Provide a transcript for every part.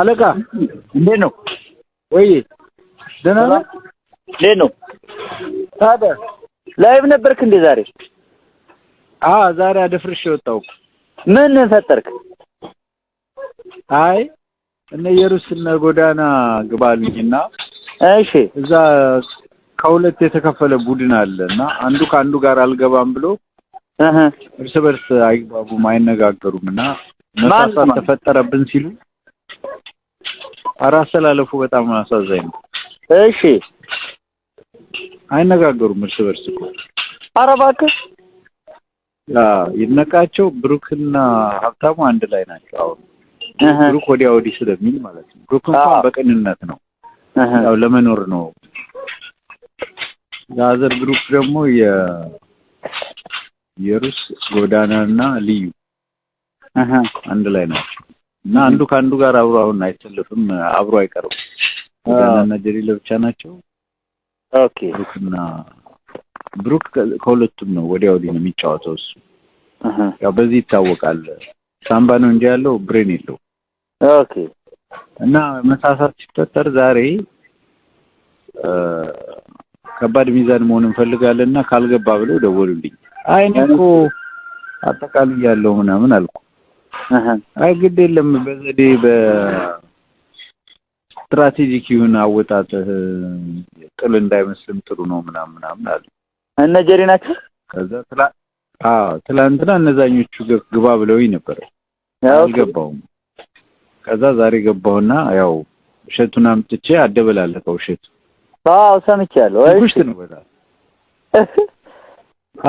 አለቃ እንዴት ነው? ወይ ደህና ነህ? እንዴት ነው ታዲያ? ላይቭ ነበርክ እንዴ ዛሬ? አ ዛሬ አደፍርሽ የወጣው ምን ፈጠርክ? አይ እነ ኢየሩስ እነ ጎዳና ግባልኝና፣ እሺ እዛ ከሁለት የተከፈለ ቡድን አለ እና አንዱ ከአንዱ ጋር አልገባም ብሎ እርስ በርስ አይግባቡም፣ አይነጋገሩም እና መሳሳት ተፈጠረብን ሲሉ አረ አሰላለፉ በጣም አሳዛኝ ነው። እሺ አይነጋገሩም እርስ በርስ እኮ። ኧረ እባክህ ይድነቃቸው ብሩክና ሀብታሙ አንድ ላይ ናቸው። አሁን ብሩክ ወዲያ ወዲህ ስለሚል ማለት ነው። ብሩክ እንኳን በቅንነት ነው ያው ለመኖር ነው። የአዘር ግሩፕ ደግሞ የሩስ ጎዳናና ልዩ አንድ ላይ ናቸው። እና አንዱ ከአንዱ ጋር አብሮ አሁን አይሰልፍም፣ አብሮ አይቀርም። ጋናና ጀሪ ለብቻ ናቸው። ኦኬ ብሩክና ብሩክ ከሁለቱም ነው ወዲያ ወዲህ ነው የሚጫወተው። እሱ ያው በዚህ ይታወቃል። ሳምባ ነው እንጂ ያለው ብሬን የለው። ኦኬ እና መሳሳት ሲፈጠር ዛሬ ከባድ ሚዛን መሆን እንፈልጋለን እና ካልገባ ብለው ደወሉልኝ። አይ እኔ እኮ አጠቃልያለሁ ምናምን አልኩ። አይ ግድ የለም በዘዴ በስትራቴጂክ ይሁን አወጣጥህ ጥል እንዳይመስልም ጥሩ ነው ምናምን ምናምን አለ እነ ጀሪ ናቸው። ከዛ ትላ አዎ ትላንትና እነዛኞቹ ግባ ብለውኝ ነበር፣ አልገባሁም። ከዛ ዛሬ ገባሁና ያው እሸቱን አምጥቼ አደበላለቀው። እሸቱ አዎ ሰምቻለሁ። እሺ ነው በጣም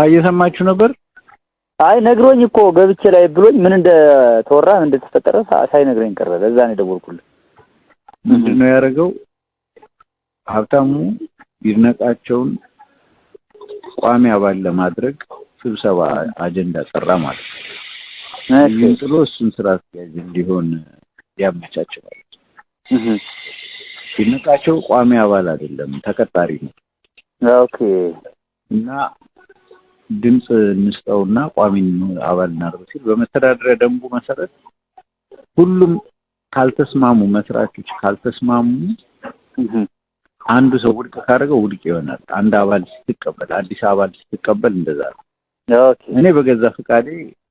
እየሰማችሁ ነበር አይ ነግሮኝ እኮ ገብቼ ላይ ብሎኝ ምን እንደተወራ ምን እንደተፈጠረ ሳይነግረኝ ቀረ። ለዛ ነው የደወልኩልህ። ምንድን ነው ያደረገው? ሀብታሙ ይድነቃቸውን ቋሚ አባል ለማድረግ ስብሰባ አጀንዳ ጠራ ማለት ነው። ይህን ጥሎ እሱን ስራ አስኪያጅ እንዲሆን ያመቻቸው ማለት ነው። ይድነቃቸው ቋሚ አባል አይደለም፣ ተቀጣሪ ነው። ኦኬ እና ድምፅ እንስጠውና ቋሚ አባል እናድርገው ሲል በመተዳደሪያ ደንቡ መሰረት ሁሉም ካልተስማሙ መስራቾች ካልተስማሙ አንዱ ሰው ውድቅ ካደረገው ውድቅ ይሆናል። አንድ አባል ስትቀበል አዲስ አባል ስትቀበል እንደዛ ነው። እኔ በገዛ ፍቃዴ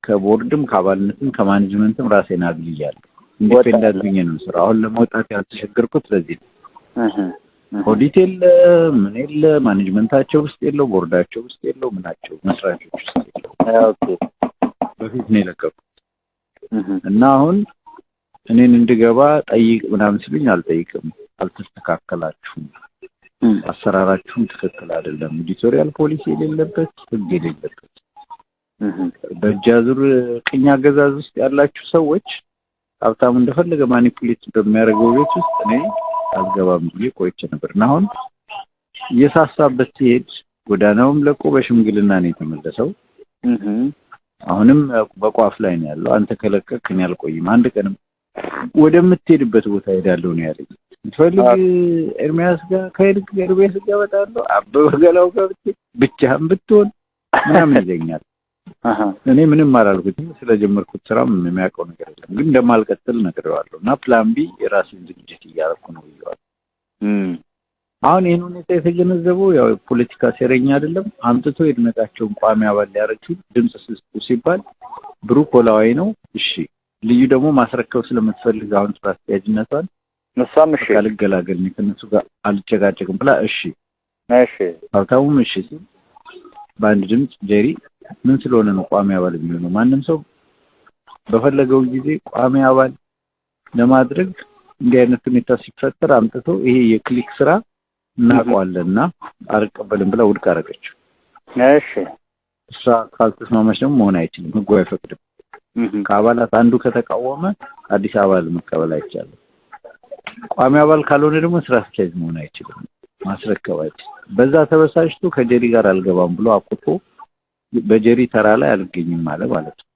ከቦርድም ከአባልነትም ከማኔጅመንትም ራሴን አግልያለሁ። ኢንዲፔንዳንት ነው ስራ አሁን ለመውጣት ያስቸግርኩት ለዚህ ነው። ኦዲት የለ ምን የለ ማኔጅመንታቸው ውስጥ የለው ቦርዳቸው ውስጥ የለው ምናቸው መስራቾች ውስጥ የለው። በፊት ነው የለቀቁት እና አሁን እኔን እንድገባ ጠይቅ ምናምን ስሉኝ አልጠይቅም። አልተስተካከላችሁም፣ አሰራራችሁም ትክክል አይደለም፣ ኤዲቶሪያል ፖሊሲ የሌለበት ህግ የሌለበት በእጃዙር ቅኝ አገዛዝ ውስጥ ያላችሁ ሰዎች ሀብታሙ እንደፈለገ ማኒፕሌት በሚያደርገው ቤት ውስጥ እኔ አልገባም ብዬ ቆይቼ ነበር እና አሁን እየሳሳበት ሲሄድ ጎዳናውም ለቆ በሽምግልና ነው የተመለሰው። አሁንም በቋፍ ላይ ነው ያለው። አንተ ከለቀክ እኔ አልቆይም፣ አንድ ቀንም ወደምትሄድበት ቦታ ሄዳለሁ ነው ያለኝ። ትፈልግ ኤርሚያስ ጋር ከሄድክ ኤርሚያስ ጋር እመጣለሁ፣ አበበ ገላው ጋር ብቻህን ብትሆን ምናምን ይለኛል። እኔ ምንም አላልኩትም። ስለጀመርኩት ስራም የሚያውቀው ነገር የለም፣ ግን እንደማልቀጥል ነግሬዋለሁ እና ፕላን ቢ የራሴን ዝግጅት እያደረኩ ነው ብዬዋለሁ። አሁን ይህን ሁኔታ የተገነዘበው ያው ፖለቲካ ሴረኛ አይደለም አምጥቶ የድመታቸውን ቋሚ አባል ሊያረችው ድምፅ ስጡ ሲባል ብሩ ኮላዋይ ነው። እሺ ልዩ ደግሞ ማስረከብ ስለምትፈልግ አሁን ስራ አስኪያጅነቷን እሷም እሺ አልገላገል ከነሱ ጋር አልጨቃጨቅም ብላ እሺ እሺ ሀብታሙም እሺ ሲል በአንድ ድምፅ ጀሪ ምን ስለሆነ ነው ቋሚ አባል የሚሆነው? ማንም ሰው በፈለገው ጊዜ ቋሚ አባል ለማድረግ እንዲህ አይነት ሁኔታ ሲፈጠር አምጥቶ ይሄ የክሊክ ስራ እናውቀዋለን እና አልቀበልም ብላ ውድቅ አደረገችው። እሺ እሷ ካልተስማማች ደግሞ መሆን አይችልም፣ ህጉ አይፈቅድም። ከአባላት አንዱ ከተቃወመ አዲስ አባል መቀበል አይቻልም። ቋሚ አባል ካልሆነ ደግሞ ስራ አስኪያጅ መሆን አይችልም፣ ማስረከብ አይችልም። በዛ ተበሳጭቶ ከጀሪ ጋር አልገባም ብሎ አቁቶ በጀሪ ተራ ላይ አልገኝም አለ ማለት ነው።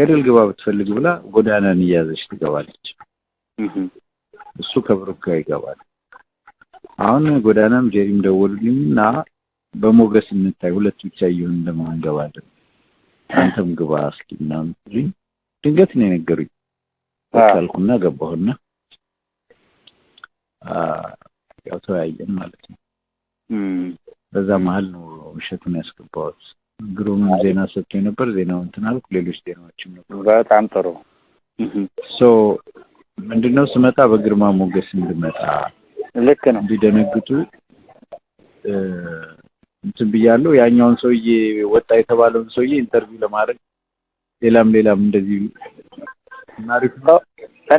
ገደል ግባ ብትፈልግ ብላ ጎዳናን እያዘች ትገባለች። እሱ ከብሩክ ጋር ይገባል። አሁን ጎዳናም ጀሪም ደወሉልኝ በሞገስ እንታይ ሁለት ብቻ እየሆን ለመሆን እንገባለን አንተም ግባ እስኪ ምናምን ድንገት ነው የነገሩኝ አልኩና ገባሁና ያው ተወያየን ማለት ነው። በዛ መሀል ነው እሸቱን ያስገባሁት። ግሩም ዜና ሰጥቶ ነበር። ዜናው እንትን አልኩ። ሌሎች ዜናዎችም ነበር። በጣም ጥሩ ሶ ምንድነው ስመጣ በግርማ ሞገስ እንድመጣ ልክ ነው። እንዲደነግጡ እንትን ብያለሁ። ያኛውን ሰውዬ ወጣ የተባለውን ሰውዬ ኢንተርቪው ለማድረግ ሌላም ሌላም እንደዚህ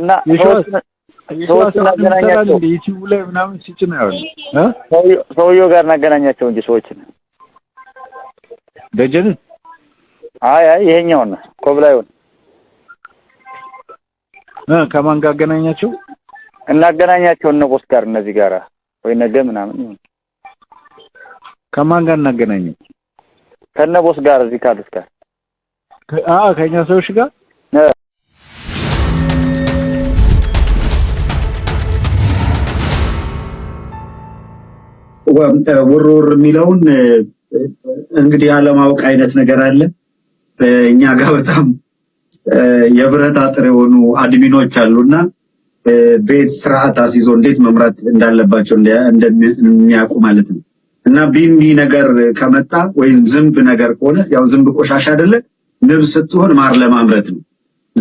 እና ሰዎችን አገናኛቸው ዩቲዩብ ላይ ምናምን ሲጭን ሰውየው ጋር እናገናኛቸው እንጂ ሰዎችን ደጀን አይ አይ ይሄኛውን ኮብላዩን እ ከማን ጋር አገናኛቸው? እናገናኛቸው እነ ቦስ ጋር እነዚህ ጋር ወይ ነገ ምናምን ከማን ጋር እናገናኘው? ከነ ቦስ ጋር እዚህ ካሉት ጋር አ ከኛ ሰዎች ጋር ውርውር የሚለውን እንግዲህ ያለማወቅ አይነት ነገር አለ። እኛ ጋር በጣም የብረት አጥር የሆኑ አድሚኖች አሉና ቤት ስርዓት አስይዞ እንዴት መምራት እንዳለባቸው እንደሚያውቁ ማለት ነው። እና ቢሚ ነገር ከመጣ ወይም ዝንብ ነገር ከሆነ ያው ዝንብ ቆሻሻ አይደለ፣ ንብ ስትሆን ማር ለማምረት ነው።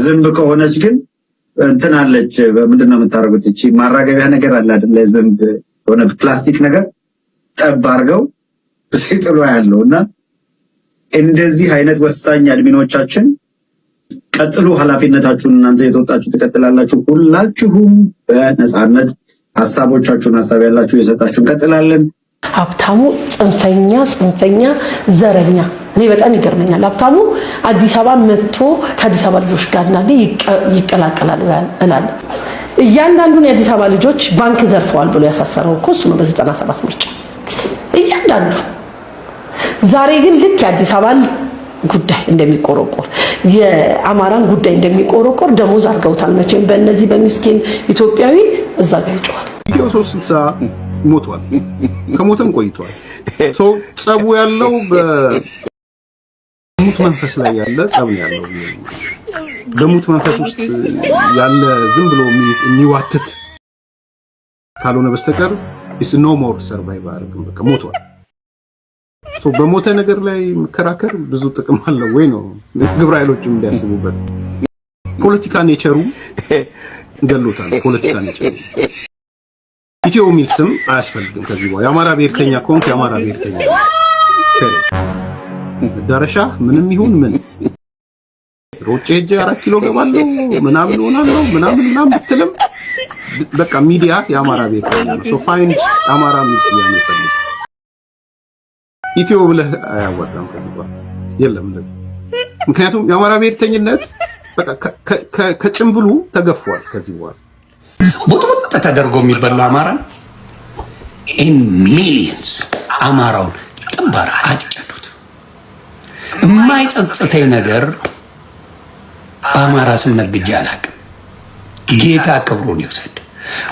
ዝንብ ከሆነች ግን እንትን አለች። ምንድን ነው የምታደርጉት? እቺ ማራገቢያ ነገር አለ አይደለ? ዝንብ የሆነ ፕላስቲክ ነገር ጠብ አድርገው ጥሎ ያለው እና እንደዚህ አይነት ወሳኝ አድሚኖቻችን ቀጥሉ፣ ኃላፊነታችሁን እናንተ የተወጣችሁ ትቀጥላላችሁ። ሁላችሁም በነፃነት ሀሳቦቻችሁን ሀሳብ ያላችሁ የሰጣችሁ እንቀጥላለን። ሀብታሙ ጽንፈኛ ጽንፈኛ ዘረኛ እኔ በጣም ይገርመኛል። ሀብታሙ አዲስ አበባ መጥቶ ከአዲስ አበባ ልጆች ጋር እና ይቀላቀላል እላለሁ። እያንዳንዱን የአዲስ አበባ ልጆች ባንክ ዘርፈዋል ብሎ ያሳሰረው እኮ እሱ ነው በዘጠና ሰባት ምርጫ እያንዳንዱ ዛሬ ግን ልክ የአዲስ አበባን ጉዳይ እንደሚቆረቆር የአማራን ጉዳይ እንደሚቆረቆር ደሞዝ አድርገውታል። መቼም በእነዚህ በሚስኪን ኢትዮጵያዊ እዛ ጋር ይጮዋል። ኢትዮ ሶስት ስልሳ ሞቷል፣ ከሞተም ቆይቷል። ሰው ጸቡ ያለው በሙት መንፈስ ላይ ያለ ጸብ ያለው በሙት መንፈስ ውስጥ ያለ ዝም ብሎ የሚዋትት ካልሆነ በስተቀር ኢስ ኖ ሞር ሰርቫይቫል በቃ ሞቷል። በሞተ ነገር ላይ መከራከር ብዙ ጥቅም አለው ወይ ነው ግብረ ኃይሎችም እንዲያስቡበት። ፖለቲካ ኔቸሩ ገሎታል። ፖለቲካ ኔቸሩ ኢትዮ የሚል ስም አያስፈልግም። ከዚህ በኋላ የአማራ ብሔርተኛ ከሆንክ የአማራ ብሔርተኛ መዳረሻ ምንም ይሁን ምን ሮጬ ሄጄ አራት ኪሎ ገባለሁ ምናምን ሆናለሁ ምናምን ምናምን ብትልም በቃ ሚዲያ የአማራ ብሔርተኛ ነው። ሶ ፋይንድ አማራ ምን ፈልግ ኢትዮ ብለህ አያወጣም። ከዚህ በኋላ የለም እንደዚህ። ምክንያቱም የአማራ ብሔርተኝነት ከጭንብሉ ተገፏል። ከዚህ በኋላ ቡጥቡጥ ተደርጎ የሚበላ አማራን ኢን ሚሊየንስ አማራውን ጥንባር አጨዱት። የማይጸጽተኝ ነገር በአማራ ስም ነግጄ አላውቅም። ጌታ ክብሩን ይውሰድ።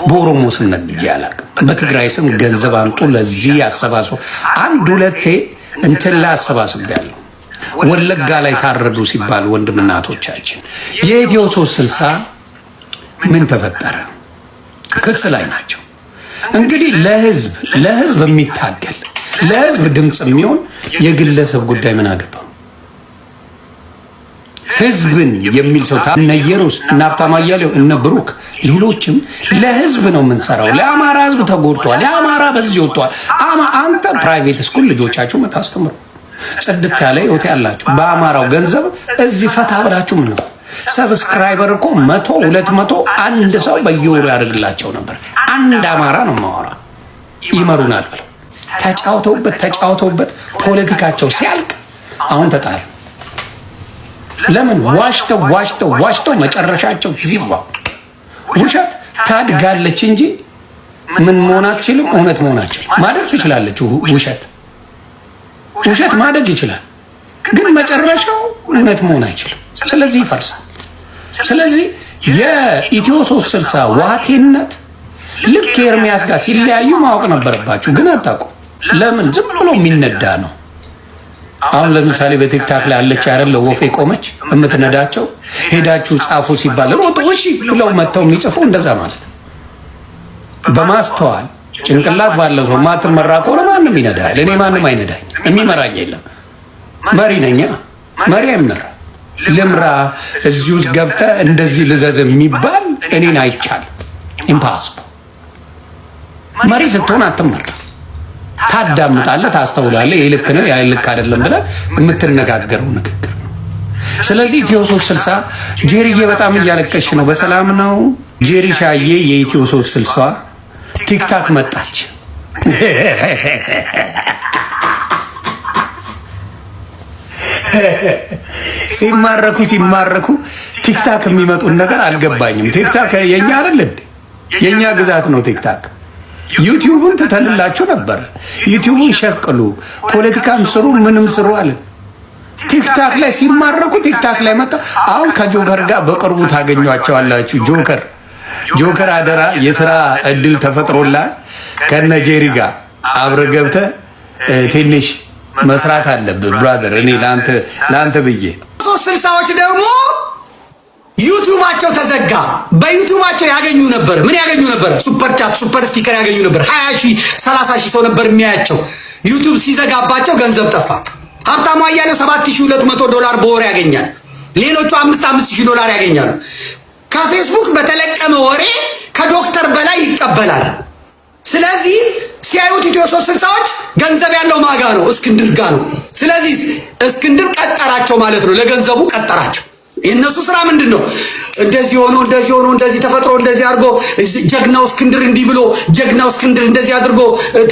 በኦሮሞ ስም ነግጄ አላውቅም። በትግራይ ስም ገንዘብ አምጡ ለዚህ አሰባስቡ። አንድ ሁለቴ እንትን ላይ አሰባስቤያለሁ። ወለጋ ላይ ታረዱ ሲባል ወንድም እናቶቻችን የኢትዮ ሶስት ስልሳ ምን ተፈጠረ? ክስ ላይ ናቸው። እንግዲህ ለህዝብ ለህዝብ የሚታገል ለህዝብ ድምፅ የሚሆን የግለሰብ ጉዳይ ምን አገባ? ህዝብን የሚል ሰው እነ ኢየሩስ እነ ሀብታም አያሌው እነ ብሩክ ሌሎችም ለህዝብ ነው የምንሰራው። ለአማራ ህዝብ ተጎድቷል። የአማራ በዚህ ወጥቷል። አንተ ፕራይቬት ስኩል ልጆቻችሁ የምታስተምሩ ጽድት ያለ ህይወት ያላችሁ በአማራው ገንዘብ እዚህ ፈታ ብላችሁ ምን ነው ሰብስክራይበር እኮ መቶ ሁለት መቶ አንድ ሰው በየወሩ ያደርግላቸው ነበር። አንድ አማራ ነው ማወራ ይመሩናል ተጫውተውበት ተጫውተውበት ፖለቲካቸው ሲያልቅ አሁን ተጣሉ። ለምን ዋሽተው ዋሽተው ዋሽተው መጨረሻቸው ዚዋ። ውሸት ታድጋለች እንጂ ምን መሆን አትችልም። እውነት መሆናችል ማደግ ትችላለች። ውሸት ውሸት ማደግ ይችላል፣ ግን መጨረሻው እውነት መሆን አይችልም። ስለዚህ ይፈርሳል። ስለዚህ የኢትዮ ሶስት ስልሳ ዋቴነት ልክ ኤርሚያስ ጋር ሲለያዩ ማወቅ ነበረባችሁ፣ ግን አታውቁም። ለምን ዝም ብሎ የሚነዳ ነው። አሁን ለምሳሌ በቲክታክ ላይ አለች አይደል? ወፌ ቆመች የምትነዳቸው ሄዳችሁ ጻፉ ሲባል ሮጦ እሺ ብለው መጥተው የሚጽፉ እንደዛ ማለት ነው። በማስተዋል ጭንቅላት ባለ ሰው ማትመራ ከሆነ ማንም ይነዳል። እኔ ማንም አይነዳኝ፣ የሚመራኝ የለም። መሪ ነኛ፣ መሪ አይመራ ልምራ እዚህ ውስጥ ገብተ እንደዚህ ልዘዝ የሚባል እኔን አይቻል። ኢምፓስ መሪ ስትሆን አትመራ ታዳምጣለህ፣ ታስተውላለህ። ይህ ልክ ነው፣ ያ ልክ አይደለም ብለህ የምትነጋገረው ንግግር ነው። ስለዚህ ኢትዮ ሶስት ስልሳ ጄሪዬ በጣም እያለቀች ነው። በሰላም ነው ጄሪ ሻዬ። የኢትዮ ሶስት ቲክታክ መጣች። ሲማረኩ ሲማረኩ ቲክታክ የሚመጡን ነገር አልገባኝም። ቲክታክ የኛ አይደል? የኛ ግዛት ነው ቲክታክ ዩቲዩብን ትተንላችሁ ነበር። ዩቲዩብን ሸቅሉ፣ ፖለቲካም ስሩ፣ ምንም ስሩ አለ። ቲክታክ ላይ ሲማረኩ ቲክታክ ላይ መጣ። አሁን ከጆከር ጋር በቅርቡ ታገኟቸዋላችሁ። ጆከር ጆከር አደራ፣ የስራ እድል ተፈጥሮላ ከነ ጄሪ ጋር አብረ ገብተ ትንሽ መስራት አለብህ ብራዘር። እኔ ለአንተ ብዬ ሶስት ስልሳዎች ደግሞ ዩቱባቸው ተዘጋ። በዩቱባቸው ያገኙ ነበር። ምን ያገኙ ነበር? ሱፐር ቻት፣ ሱፐር ስቲከር ያገኙ ነበር። 20 ሺህ 30 ሺህ ሰው ነበር የሚያያቸው። ዩቱብ ሲዘጋባቸው ገንዘብ ጠፋ። ሀብታሙ አያሌው 7200 ዶላር በወር ያገኛል። ሌሎቹ 5 ዶላር ያገኛሉ። ከፌስቡክ በተለቀመ ወሬ ከዶክተር በላይ ይቀበላል። ስለዚህ ሲያዩት ኢትዮ ሶስት ስልሳዎች ገንዘብ ያለው ማጋ ነው፣ እስክንድር ጋ ነው። ስለዚህ እስክንድር ቀጠራቸው ማለት ነው። ለገንዘቡ ቀጠራቸው። የእነሱ ስራ ምንድን ነው? እንደዚህ ሆኖ እንደዚህ ሆኖ እንደዚህ ተፈጥሮ እንደዚህ አድርጎ ጀግናው እስክንድር እንዲህ ብሎ ጀግናው እስክንድር እንደዚህ አድርጎ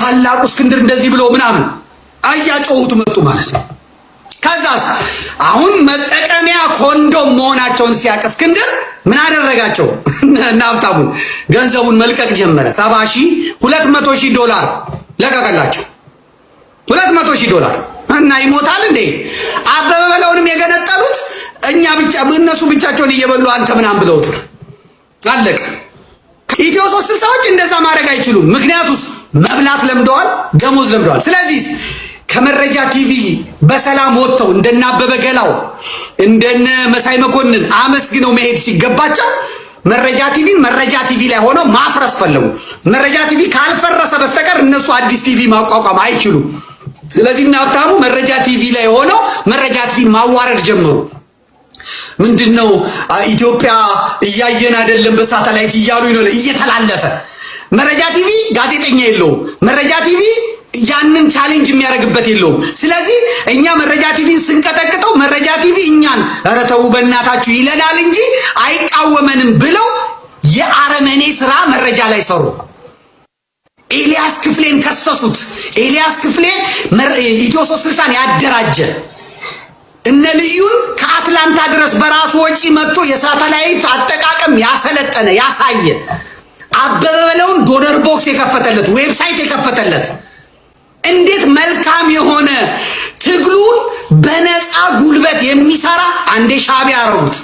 ታላቁ እስክንድር እንደዚህ ብሎ ምናምን አያጮሁት መጡ ማለት ነው። ከዛስ አሁን መጠቀሚያ ኮንዶም መሆናቸውን ሲያቅ እስክንድር ምን አደረጋቸው? እናብታቡ ገንዘቡን መልቀቅ ጀመረ። ሰባ ሺህ ሁለት መቶ ሺህ ዶላር ለቀቀላቸው። ሁለት መቶ ሺህ ዶላር እና ይሞታል እንዴ አበበ በለውንም የገነጠሉት እኛ ብቻ እነሱ ብቻቸውን እየበሉ አንተ ምናምን ብለውት አለቀ። ኢትዮ ሶስት ስልሳዎች እንደዛ ማድረግ አይችሉም። ምክንያቱስ መብላት ለምደዋል፣ ደሞዝ ለምደዋል። ስለዚህ ከመረጃ ቲቪ በሰላም ወጥተው እንደናበበ ገላው እንደነ መሳይ መኮንን አመስግነው መሄድ ሲገባቸው መረጃ ቲቪን መረጃ ቲቪ ላይ ሆነው ማፍረስ ፈለጉ። መረጃ ቲቪ ካልፈረሰ በስተቀር እነሱ አዲስ ቲቪ ማቋቋም አይችሉም። ስለዚህ እና ሀብታሙ መረጃ ቲቪ ላይ ሆነው መረጃ ቲቪ ማዋረድ ጀመሩ። ምንድን ነው ኢትዮጵያ እያየን አይደለም በሳተላይት እያሉ ይኖረ እየተላለፈ መረጃ ቲቪ ጋዜጠኛ የለውም። መረጃ ቲቪ ያንን ቻሌንጅ የሚያደርግበት የለውም። ስለዚህ እኛ መረጃ ቲቪን ስንቀጠቅጠው መረጃ ቲቪ እኛን ኧረ ተው በእናታችሁ ይለናል እንጂ አይቃወመንም ብለው የአረመኔ ስራ መረጃ ላይ ሰሩ። ኤልያስ ክፍሌን ከሰሱት። ኤልያስ ክፍሌ ኢትዮ ሶስት ስልሳን ያደራጀ እነ ልዩን ከአትላንታ ድረስ በራሱ ወጪ መጥቶ የሳተላይት አጠቃቀም ያሰለጠነ ያሳየ አበበ በለውን ዶነር ቦክስ የከፈተለት ዌብሳይት የከፈተለት እንዴት መልካም የሆነ ትግሉን በነፃ ጉልበት የሚሰራ አንዴ ሻቢያ አረጉት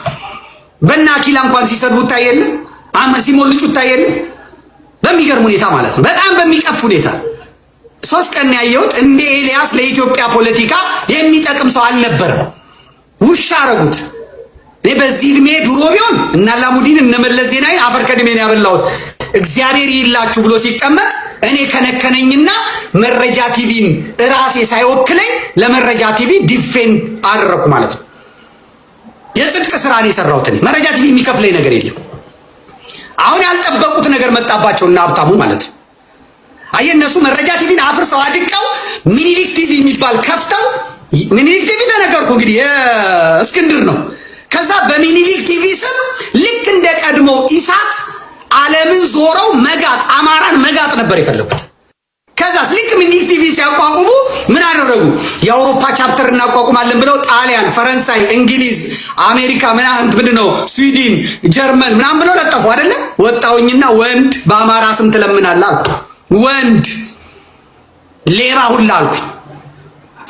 በእነ አኪላ እንኳን ሲሰድቡ ታየለ፣ ሲሞልጩ ታየለ። በሚገርም ሁኔታ ማለት ነው። በጣም በሚቀፍ ሁኔታ ሶስት ቀን ያየሁት እንደ ኤልያስ ለኢትዮጵያ ፖለቲካ የሚጠቅም ሰው አልነበረም። ውሻ አረጉት። እኔ በዚህ እድሜ ድሮ ቢሆን እና ላሙዲን እነመለስ ዜናዊ አፈር ከድሜን ያበላሁት እግዚአብሔር ይላችሁ ብሎ ሲቀመጥ እኔ ከነከነኝና መረጃ ቲቪን እራሴ ሳይወክለኝ ለመረጃ ቲቪ ዲፌን አደረኩ ማለት ነው። የጽድቅ ስራ ነው የሰራሁት። መረጃ ቲቪ የሚከፍለኝ ነገር የለም። አሁን ያልጠበቁት ነገር መጣባቸውና ሀብታሙ ማለት ነው አየህ እነሱ መረጃ ቲቪን አፍርሰው አድቀው ሚኒሊክ ቲቪ የሚባል ከፍተው ሚኒሊክ ቲቪ ለነገርኩ እንግዲህ እስክንድር ነው። ከዛ በሚኒሊክ ቲቪ ስም ልክ እንደ ቀድሞ ኢሳት ዓለምን ዞረው መጋጥ አማራን መጋጥ ነበር የፈለጉት። ከዛስ ልክ ሚኒሊክ ቲቪ ሲያቋቁሙ ምን አደረጉ? የአውሮፓ ቻፕተር እናቋቁማለን ብለው ጣሊያን፣ ፈረንሳይ፣ እንግሊዝ፣ አሜሪካ ምናምን ምንድን ነው ስዊድን፣ ጀርመን ምናምን ብለው ለጠፉ አይደለ? ወጣውኝና ወንድ በአማራ ስም ትለምናለህ አሉ። ወንድ ሌባ ሁላ አልኩኝ።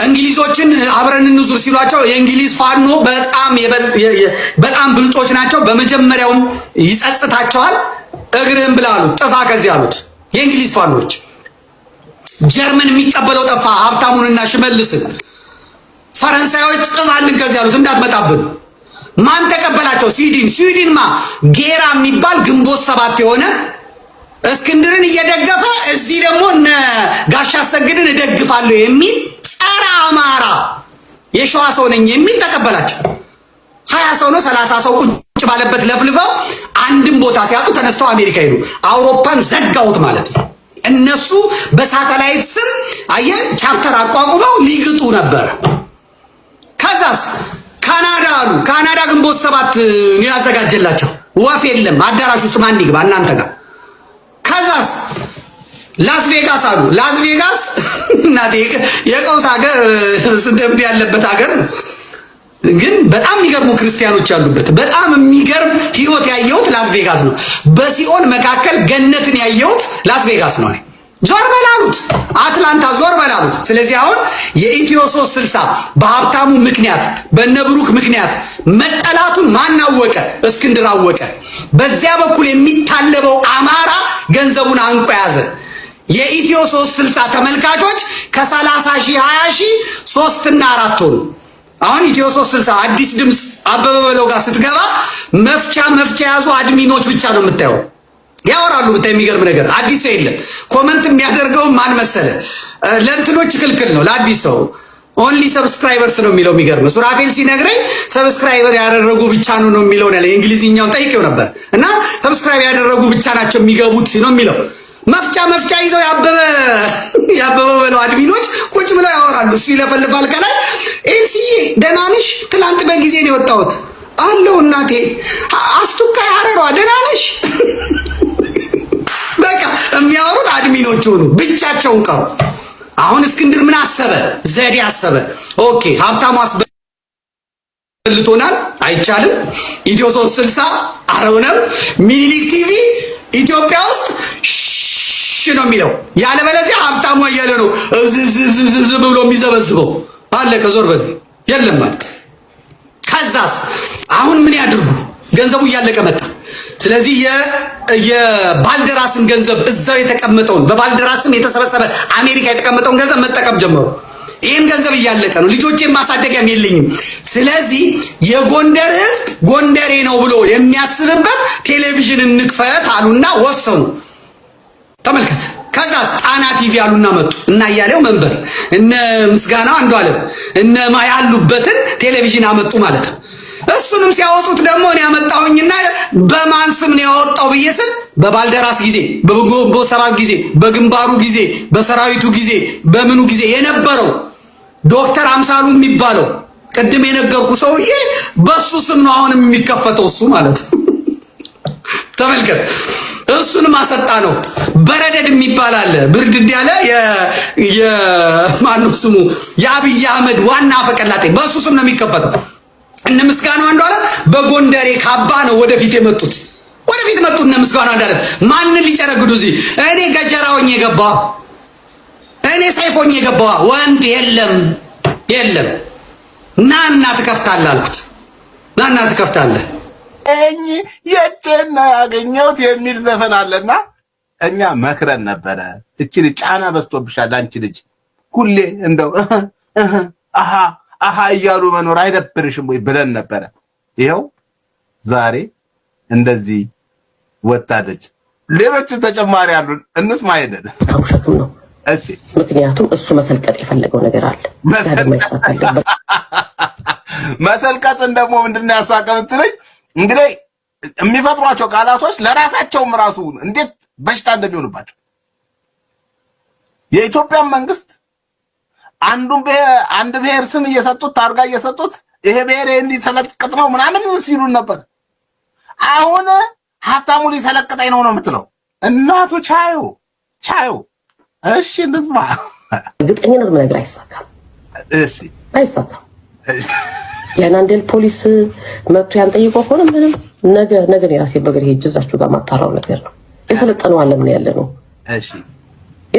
እንግሊዞችን አብረን እንዙር ሲሏቸው የእንግሊዝ ፋኖ በጣም በጣም ብልጦች ናቸው። በመጀመሪያውም ይጸጽታቸዋል። እግርህን ብላሉ ጥፋ ከዚህ አሉት የእንግሊዝ ፋኖች። ጀርመን የሚቀበለው ጠፋ፣ ሀብታሙንና ሽመልስን። ፈረንሳዮች ጥፋልን ከዚህ አሉት፣ እንዳትመጣብን። ማን ተቀበላቸው? ስዊድን። ስዊድንማ ጌራ የሚባል ግንቦት ሰባት የሆነ እስክንድርን እየደገፈ እዚህ ደግሞ እነ ጋሻ አሰግድን እደግፋለሁ የሚል ጸረ አማራ የሸዋ ሰው ነኝ የሚል ተቀበላቸው። ሀያ ሰው ነው ሰላሳ ሰው ቁጭ ባለበት ለፍልፈው አንድም ቦታ ሲያጡ ተነስተው አሜሪካ ሄዱ። አውሮፓን ዘጋውት ማለት ነው። እነሱ በሳተላይት ስም አየ ቻፕተር አቋቁመው ሊግጡ ነበር። ከዛስ ካናዳ አሉ። ካናዳ ግንቦት ሰባት ነው ያዘጋጀላቸው። ወፍ የለም አዳራሽ ውስጥ ማን ይግባ እናንተ ጋር ከዛስ ላስ ቬጋስ አሉ። ላስ ቬጋስ እናቴ የቀውስ ሀገር ደንብ ያለበት ሀገር ነው። ግን በጣም የሚገርሙ ክርስቲያኖች ያሉበት በጣም የሚገርም ህይወት ያየሁት ላስ ቬጋስ ነው። በሲኦል መካከል ገነትን ያየሁት ላስ ቬጋስ ነው። ዞር በላሉት አትላንታ ዞር በላሉት። ስለዚህ አሁን የኢትዮ 360 በሀብታሙ ምክንያት በነብሩክ ምክንያት መጠላቱን ማናወቀ እስክንድር አወቀ። በዚያ በኩል የሚታለበው አማራ ገንዘቡን አንቆ ያዘ። የኢትዮ 360 ተመልካቾች ከ30 ሺ 20 ሺ 3 እና 4 ሆኑ። አሁን ኢትዮ 360 አዲስ ድምፅ አበበ በለው ጋር ስትገባ መፍቻ መፍቻ የያዙ አድሚኖች ብቻ ነው የምታየው። ያወራሉ ብታይ፣ የሚገርም ነገር አዲስ ሰው የለም። ኮመንት የሚያደርገው ማን መሰለ ለእንትኖች ክልክል ነው ለአዲስ ሰው ኦንሊ ሰብስክራይበርስ ነው የሚለው። የሚገርም ሱራፌል ሲነግረኝ ሰብስክራይበር ያደረጉ ብቻ ነው ነው የሚለው ያለ እንግሊዝኛውን ጠይቄው ነበር እና ሰብስክራይብ ያደረጉ ብቻ ናቸው የሚገቡት ነው የሚለው። መፍጫ መፍጫ ይዘው ያበበ ያበበ በለው አድሚኖች ቁጭ ብለው ያወራሉ። እሱ ይለፈልፋል ከላይ ኤልሲዬ ደህና ነሽ? ትላንት በጊዜ ነው የወጣሁት አለው። እናቴ አስቱካ ያረሯ ደህና ነሽ? በቃ የሚያወሩት አድሚኖች ሆኑ ብቻቸውን ቀሩ። አሁን እስክንድር ምን አሰበ? ዘዴ አሰበ። ኦኬ ሀብታሙ አስበልጦናል፣ አይቻልም። ኢትዮ 360 አልሆነም። ሚኒሊክ ቲቪ ኢትዮጵያ ውስጥ ሽ ነው የሚለው ያለበለዚያ ሀብታሙ እያለ ነው ዝዝዝዝ ብሎ የሚዘበዝበው አለ። ከዞር በል የለም። ከዛስ አሁን ምን ያድርጉ? ገንዘቡ እያለቀ መጣ። ስለዚህ የባልደራስን ገንዘብ እዛው የተቀመጠውን በባልደራስም የተሰበሰበ አሜሪካ የተቀመጠውን ገንዘብ መጠቀም ጀመሩ። ይህም ገንዘብ እያለቀ ነው፣ ልጆቼ ማሳደጊያም የለኝም። ስለዚህ የጎንደር ህዝብ ጎንደሬ ነው ብሎ የሚያስብበት ቴሌቪዥን እንክፈት አሉና ወሰኑ። ተመልከት። ከዛ ጣና ቲቪ አሉና መጡ እና እያሌው መንበር እነ ምስጋናው አንዱ አለም እነማ ያሉበትን ቴሌቪዥን አመጡ ማለት ነው። እሱንም ሲያወጡት ደግሞ እኔ ያመጣሁኝና በማን ስም ነው ያወጣው ብዬ ስል በባልደራስ ጊዜ፣ በጎንቦ ሰባት ጊዜ፣ በግንባሩ ጊዜ፣ በሰራዊቱ ጊዜ፣ በምኑ ጊዜ የነበረው ዶክተር አምሳሉ የሚባለው ቅድም የነገርኩ ሰውዬ በሱ ስም ነው አሁንም የሚከፈተው እሱ ማለት ነው። ተመልከት። እሱንም አሰጣ ነው። በረደድ የሚባል አለ ብርድድ ያለ የማነው ስሙ የአብይ አህመድ ዋና አፈቀላጤ በእሱ ስም ነው የሚከፈተው። እነ ምስጋናው አንዱ አለ በጎንደሬ ካባ ነው ወደፊት የመጡት። ወደፊት መጡ እነ አንዱ አለ። ማንን ሊጨረግዱ እዚህ እኔ ገጀራውኝ የገባዋ እኔ ሰይፎኝ የገባዋ ወንድ የለም የለም። ናና እና ትከፍታለህ አልኩት። ና ትከፍታለህ ያገኘሁት የሚል ዘፈን አለና እኛ መክረን ነበረ። እቺ ልጅ ጫና በዝቶብሻል አንቺ ልጅ ሁሌ እንደው አሃ አሃ እያሉ መኖር አይደብርሽም ወይ ብለን ነበረ። ይኸው ዛሬ እንደዚህ ወታደች። ሌሎችም ተጨማሪ አሉን፣ እንስማ አይደል? ነው። እሺ ምክንያቱም እሱ መሰልቀጥ የፈለገው ነገር አለ። መሰልቀጥን ደግሞ ምንድን ነው ያሳቀም እንግዲህ የሚፈጥሯቸው ቃላቶች ለራሳቸውም ራሱ እንዴት በሽታ እንደሚሆንባቸው የኢትዮጵያን መንግስት አንዱን አንድ ብሔር ስም እየሰጡት ታርጋ እየሰጡት ይሄ ብሔር እንዲሰለቅጥ ነው ምናምን ሲሉን ነበር። አሁን ሀብታሙ ሊሰለቅጠኝ ነው ነው የምትለው እናቱ ቻዩ ቻዩ። እሺ እንዝማ እርግጠኝነት ምነግር አይሳካም፣ አይሳካም። የናንዴል ፖሊስ መጥቶ ያን ጠይቆ ከሆነ ምንም ነገ ነገ የራሴ በእግር ሄጄ እዛችሁ ጋር ማጣራው ነገር ነው። የሰለጠነው ዓለም ነው ያለ ነው። እሺ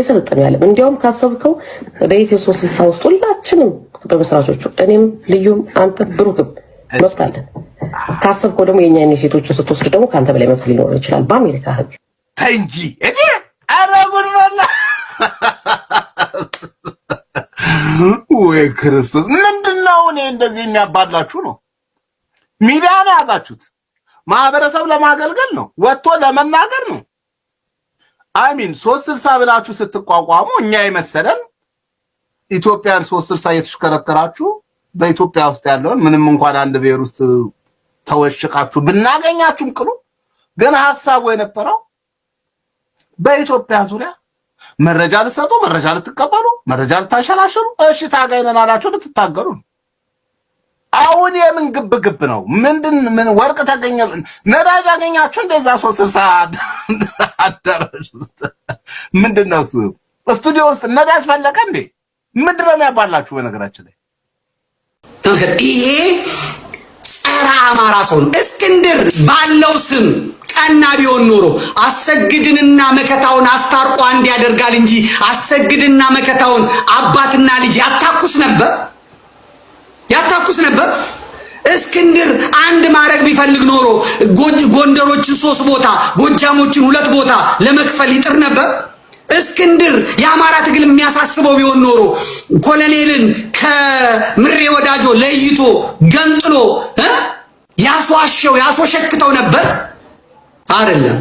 የሰለጠኑ ያለም እንዲያውም ካሰብከው በኢትዮ ሶስት ስልሳ ውስጥ ሁላችንም በመስራቾቹ እኔም ልዩም አንተ ብሩክም መብት አለን። ካሰብከው ደግሞ የኛ ሴቶች ስትወስድ ደግሞ ከአንተ በላይ መብት ሊኖር ይችላል በአሜሪካ ሕግ እንጂ አረጉን በላ ወይ ክርስቶስ ምንድነው? እኔ እንደዚህ የሚያባላችሁ ነው። ሚዲያ ነው የያዛችሁት። ማህበረሰብ ለማገልገል ነው፣ ወጥቶ ለመናገር ነው። አሚን ሶስት ስልሳ ብላችሁ ስትቋቋሙ እኛ የመሰለን ኢትዮጵያን ሶስት ስልሳ እየተሽከረከራችሁ በኢትዮጵያ ውስጥ ያለውን ምንም እንኳን አንድ ብሔር ውስጥ ተወሽቃችሁ ብናገኛችሁም ቅሉ ግን ሀሳቡ የነበረው በኢትዮጵያ ዙሪያ መረጃ ልትሰጡ፣ መረጃ ልትቀበሉ፣ መረጃ ልታሸራሽሩ፣ እሺ ታጋይነን አላችሁ ልትታገሉ ነው። አሁን የምን ግብ ግብ ነው? ምንድን ምን ወርቅ ተገኘ ነዳጅ አገኛችሁ? እንደዛ ሶስት ሰዓት አዳራሽ ውስጥ ምንድን ነው እሱ ስቱዲዮ ውስጥ ነዳጅ ፈለቀ እንዴ? ምንድን ነው ያባላችሁ? በነገራችን ላይ ይሄ ጸረ አማራ ሰው ነው። እስክንድር ባለው ስም ቀና ቢሆን ኖሮ አሰግድንና መከታውን አስታርቆ አንድ ያደርጋል እንጂ አሰግድና መከታውን አባትና ልጅ ያታኩስ ነበር። ያታኩስ ነበር። እስክንድር አንድ ማድረግ ቢፈልግ ኖሮ ጎንደሮችን ሶስት ቦታ ጎጃሞችን ሁለት ቦታ ለመክፈል ይጥር ነበር። እስክንድር የአማራ ትግል የሚያሳስበው ቢሆን ኖሮ ኮሎኔልን ከምሬ ወዳጆ ለይቶ ገንጥሎ ያስዋሸው ያስወሸክተው ነበር አይደለም።